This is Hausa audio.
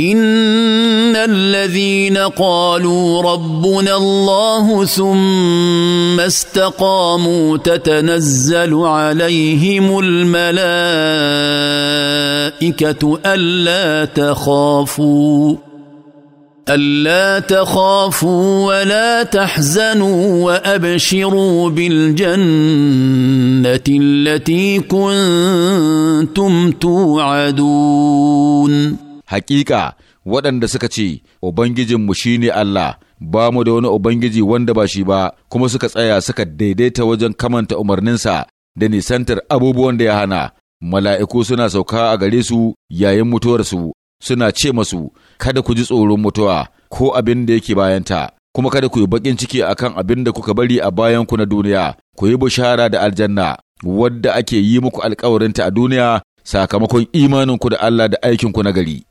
ان الذين قالوا ربنا الله ثم استقاموا تتنزل عليهم الملائكه الا تخافوا الا تخافوا ولا تحزنوا وابشروا بالجنه التي كنتم توعدون Hakika waɗanda suka ce, Ubangijinmu shi ne Allah, ba mu da wani Ubangiji wanda ba shi ba, kuma suka tsaya suka daidaita wajen kamanta umarninsa da nisantar abubuwan da ya hana. Mala'iku suna sauka a gare su yayin mutuwarsu, suna ce masu, Kada ku ji tsoron mutuwa ko abin da yake bayanta, kuma kada ku yi baƙin ciki a kan abin da kuka bari a bayanku na duniya, ku yi bushara da aljanna, wadda ake yi muku alkawarinta a duniya sakamakon imaninku da Allah da aikinku na gari.